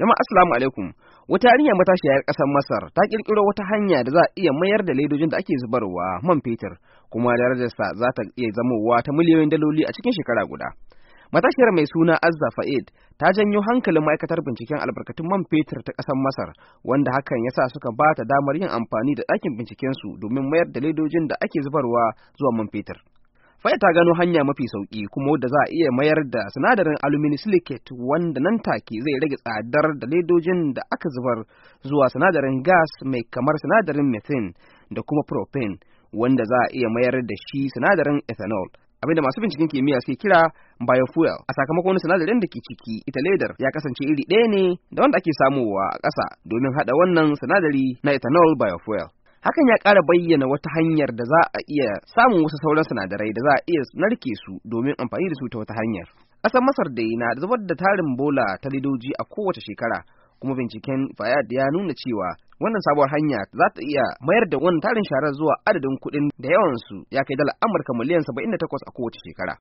Jama'a asalamu alaikum. Wata yarinya matashiyar ƙasar Masar ta ƙirƙiro wata hanya da za a iya mayar da ledojin da ake zubarwa man fetur kuma darajarsa za ta iya zamowa ta miliyoyin daloli a cikin shekara guda. Matashiyar mai suna Azza Fa'id ta janyo hankalin ma'aikatar binciken albarkatun man fetur ta ƙasar Masar wanda hakan ya sa suka ba ta damar yin amfani da ɗakin bincikensu domin mayar da ledojin da ake zubarwa zuwa man fetur. Faya ta gano hanya mafi sauki kuma wadda za a iya mayar da sinadarin alumini silicate wanda nan take zai rage tsadar da ledojin da aka zubar zuwa sinadarin gas mai kamar sinadarin methane da kuma propane wanda za a iya mayar da shi sinadarin ethanol. Abin da masu binciken kimiyya suke kira biofuel a sakamakon sinadarin da ke ciki ita ledar ya kasance iri ɗaya ne da wanda ake samuwa a ƙasa domin haɗa wannan sinadari na ethanol biofuel. hakan ya ƙara bayyana wata hanyar da za a iya samun wasu sauran sinadarai da za a iya narke su domin amfani da su ta wata hanyar. Ƙasar Masar da yi na zubar da tarin bola ta lidoji a kowace shekara, kuma binciken Fayad ya nuna cewa wannan sabuwar hanya za ta iya mayar da wannan tarin sharar zuwa adadin kuɗin da yawansu ya kai dala Amurka miliyan saba'in da takwas a kowace shekara.